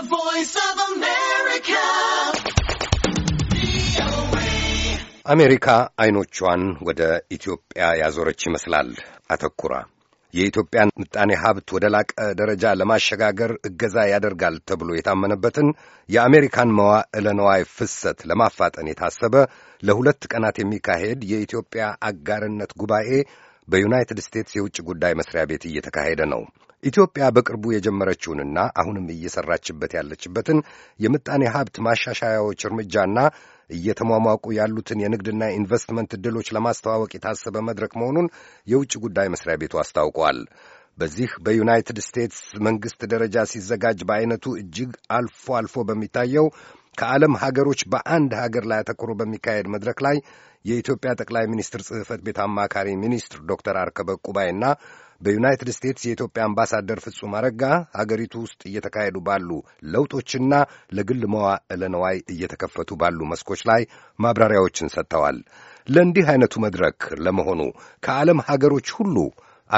The Voice of America. አሜሪካ አይኖቿን ወደ ኢትዮጵያ ያዞረች ይመስላል አተኩራ የኢትዮጵያን ምጣኔ ሀብት ወደ ላቀ ደረጃ ለማሸጋገር እገዛ ያደርጋል ተብሎ የታመነበትን የአሜሪካን መዋዕለ ነዋይ ፍሰት ለማፋጠን የታሰበ ለሁለት ቀናት የሚካሄድ የኢትዮጵያ አጋርነት ጉባኤ በዩናይትድ ስቴትስ የውጭ ጉዳይ መስሪያ ቤት እየተካሄደ ነው። ኢትዮጵያ በቅርቡ የጀመረችውንና አሁንም እየሰራችበት ያለችበትን የምጣኔ ሀብት ማሻሻያዎች እርምጃና እየተሟሟቁ ያሉትን የንግድና ኢንቨስትመንት ዕድሎች ለማስተዋወቅ የታሰበ መድረክ መሆኑን የውጭ ጉዳይ መስሪያ ቤቱ አስታውቋል። በዚህ በዩናይትድ ስቴትስ መንግሥት ደረጃ ሲዘጋጅ በአይነቱ እጅግ አልፎ አልፎ በሚታየው ከዓለም ሀገሮች በአንድ ሀገር ላይ አተኩሮ በሚካሄድ መድረክ ላይ የኢትዮጵያ ጠቅላይ ሚኒስትር ጽህፈት ቤት አማካሪ ሚኒስትር ዶክተር አርከበ ቁባይና በዩናይትድ ስቴትስ የኢትዮጵያ አምባሳደር ፍጹም አረጋ ሀገሪቱ ውስጥ እየተካሄዱ ባሉ ለውጦችና ለግል መዋዕለ ነዋይ እየተከፈቱ ባሉ መስኮች ላይ ማብራሪያዎችን ሰጥተዋል። ለእንዲህ አይነቱ መድረክ ለመሆኑ ከዓለም ሀገሮች ሁሉ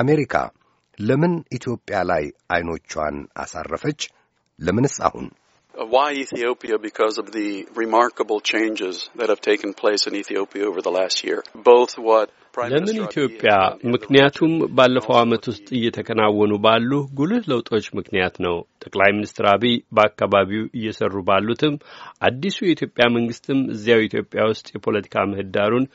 አሜሪካ ለምን ኢትዮጵያ ላይ አይኖቿን አሳረፈች? ለምንስ አሁን Why Ethiopia? Because of the remarkable changes that have taken place in Ethiopia over the last year. Both what ለምን ኢትዮጵያ? ምክንያቱም ባለፈው ዓመት ውስጥ እየተከናወኑ ባሉ ጉልህ ለውጦች ምክንያት ነው። ጠቅላይ ሚኒስትር አብይ በአካባቢው እየሰሩ ባሉትም አዲሱ የኢትዮጵያ መንግስትም እዚያው ኢትዮጵያ ውስጥ የፖለቲካ ምህዳሩን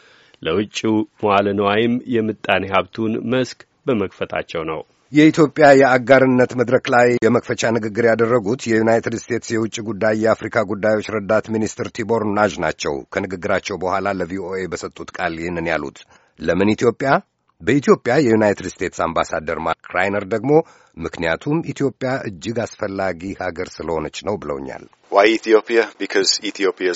ለውጭው መዋለ ነዋይም የምጣኔ ሀብቱን መስክ በመክፈታቸው ነው። የኢትዮጵያ የአጋርነት መድረክ ላይ የመክፈቻ ንግግር ያደረጉት የዩናይትድ ስቴትስ የውጭ ጉዳይ የአፍሪካ ጉዳዮች ረዳት ሚኒስትር ቲቦር ናዥ ናቸው። ከንግግራቸው በኋላ ለቪኦኤ በሰጡት ቃል ይህንን ያሉት ለምን ኢትዮጵያ? በኢትዮጵያ የዩናይትድ ስቴትስ አምባሳደር ማርክ ራይነር ደግሞ ምክንያቱም ኢትዮጵያ እጅግ አስፈላጊ ሀገር ስለሆነች ነው ብለውኛል። Why Ethiopia? Uh,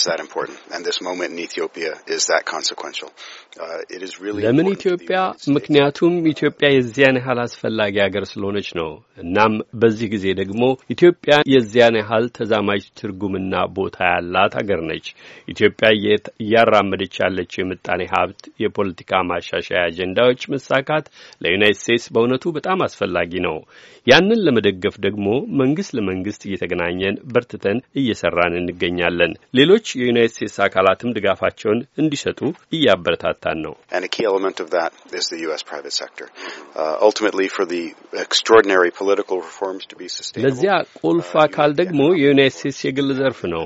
ለምን ኢትዮጵያ? ምክንያቱም ኢትዮጵያ የዚያን ያህል አስፈላጊ ሀገር ስለሆነች ነው። እናም በዚህ ጊዜ ደግሞ ኢትዮጵያ የዚያን ያህል ተዛማጅ ትርጉምና ቦታ ያላት ሀገር ነች። ኢትዮጵያ እያራመደች ያለችው የምጣኔ ሀብት፣ የፖለቲካ ማሻሻያ አጀንዳዎች መሳካት ለዩናይት ስቴትስ በእውነቱ በጣም አስፈላጊ ነው። ያንን ለመደገፍ ደግሞ መንግስት ለመንግስት እየተገናኘን በርትተን እየሰራን እንገኛለን። ሌሎች የዩናይት ስቴትስ አካላትም ድጋፋቸውን እንዲሰጡ እያበረታታን ነው። uh, ለዚያ ቁልፍ uh, አካል ደግሞ የዩናይት ስቴትስ የግል ዘርፍ ነው።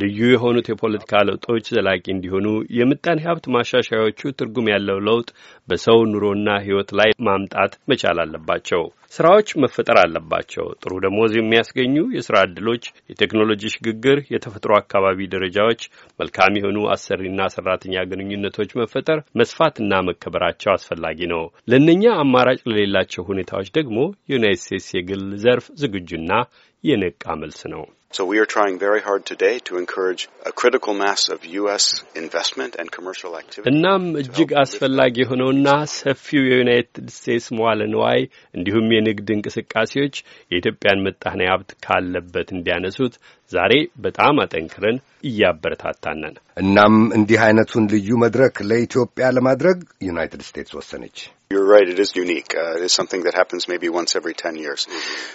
ልዩ የሆኑት የፖለቲካ ለውጦች ዘላቂ እንዲሆኑ የምጣኔ ሀብት ማሻሻያዎቹ ትርጉም ያለው ለውጥ በሰው ኑሮና ሕይወት ላይ ማምጣት መቻል አለባቸው። ስራዎች መፈጠር አለባቸው። ጥሩ ደሞዝ የሚያስገኙ የስራ ዕድሎች፣ የቴክኖሎጂ ሽግግር፣ የተፈጥሮ አካባቢ ደረጃዎች፣ መልካም የሆኑ አሰሪና ሰራተኛ ግንኙነቶች መፈጠር መስፋትና መከበራቸው አስፈላጊ ነው። ለእነኛ አማራጭ ለሌላቸው ሁኔታዎች ደግሞ የዩናይት ስቴትስ የግል ዘርፍ ዝግጁና የነቃ መልስ ነው። So we are trying very hard today to encourage a critical mass of US investment and commercial activity. እናም እጅግ አስፈላጊ የሆነውና ሰፊው የዩናይትድ ስቴትስ መዋለ ንዋይ እንዲሁም የንግድ እንቅስቃሴዎች የኢትዮጵያን ምጣኔ ሀብት ካለበት እንዲያነሱት ዛሬ በጣም አጠንክረን እያበረታታነን። እናም እንዲህ አይነቱን ልዩ መድረክ ለኢትዮጵያ ለማድረግ ዩናይትድ ስቴትስ ወሰነች። You're right. It is unique. Uh, it is something that happens maybe once every 10 years.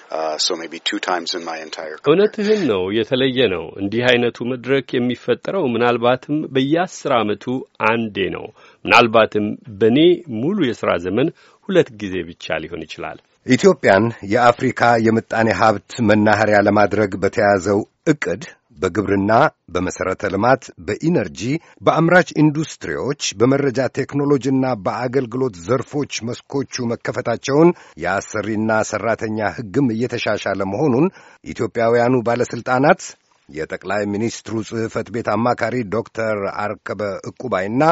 Uh, so maybe two times in my entire career. እውነትህን ነው። የተለየ ነው። እንዲህ አይነቱ መድረክ የሚፈጠረው ምናልባትም በየአስር ዓመቱ አንዴ ነው። ምናልባትም በእኔ ሙሉ የሥራ ዘመን ሁለት ጊዜ ብቻ ሊሆን ይችላል። ኢትዮጵያን የአፍሪካ የምጣኔ ሀብት መናኸሪያ ለማድረግ በተያዘው ዕቅድ በግብርና፣ በመሠረተ ልማት፣ በኢነርጂ፣ በአምራች ኢንዱስትሪዎች፣ በመረጃ ቴክኖሎጂና በአገልግሎት ዘርፎች መስኮቹ መከፈታቸውን የአሰሪና ሠራተኛ ሕግም እየተሻሻለ መሆኑን ኢትዮጵያውያኑ ባለሥልጣናት የጠቅላይ ሚኒስትሩ ጽሕፈት ቤት አማካሪ ዶክተር አርከበ ዕቁባይና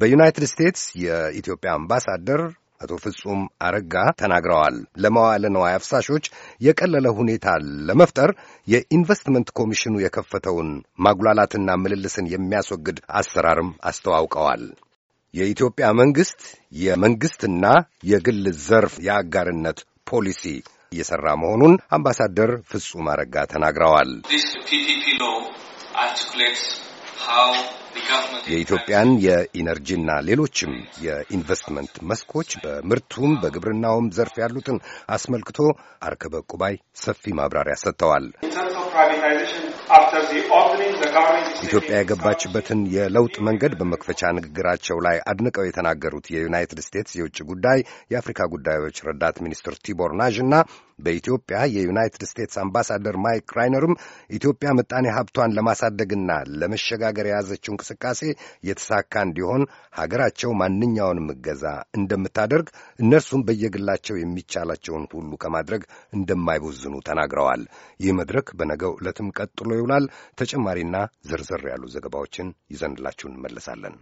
በዩናይትድ ስቴትስ የኢትዮጵያ አምባሳደር አቶ ፍጹም አረጋ ተናግረዋል። ለመዋለ ነዋይ አፍሳሾች የቀለለ ሁኔታ ለመፍጠር የኢንቨስትመንት ኮሚሽኑ የከፈተውን ማጉላላትና ምልልስን የሚያስወግድ አሰራርም አስተዋውቀዋል። የኢትዮጵያ መንግሥት የመንግሥትና የግል ዘርፍ የአጋርነት ፖሊሲ እየሠራ መሆኑን አምባሳደር ፍጹም አረጋ ተናግረዋል። የኢትዮጵያን የኢነርጂና ሌሎችም የኢንቨስትመንት መስኮች በምርቱም በግብርናውም ዘርፍ ያሉትን አስመልክቶ አርከበ ቁባይ ሰፊ ማብራሪያ ሰጥተዋል። ኢትዮጵያ የገባችበትን የለውጥ መንገድ በመክፈቻ ንግግራቸው ላይ አድንቀው የተናገሩት የዩናይትድ ስቴትስ የውጭ ጉዳይ የአፍሪካ ጉዳዮች ረዳት ሚኒስትር ቲቦር ናዥ እና በኢትዮጵያ የዩናይትድ ስቴትስ አምባሳደር ማይክ ራይነርም ኢትዮጵያ ምጣኔ ሀብቷን ለማሳደግና ለመሸጋገር የያዘችው እንቅስቃሴ የተሳካ እንዲሆን ሀገራቸው ማንኛውንም እገዛ እንደምታደርግ እነርሱም በየግላቸው የሚቻላቸውን ሁሉ ከማድረግ እንደማይቦዝኑ ተናግረዋል። ይህ መድረክ በነገው ዕለትም ቀጥሎ ይውላል። ተጨማሪና ዝርዝር ያሉ ዘገባዎችን ይዘንላችሁ እንመለሳለን።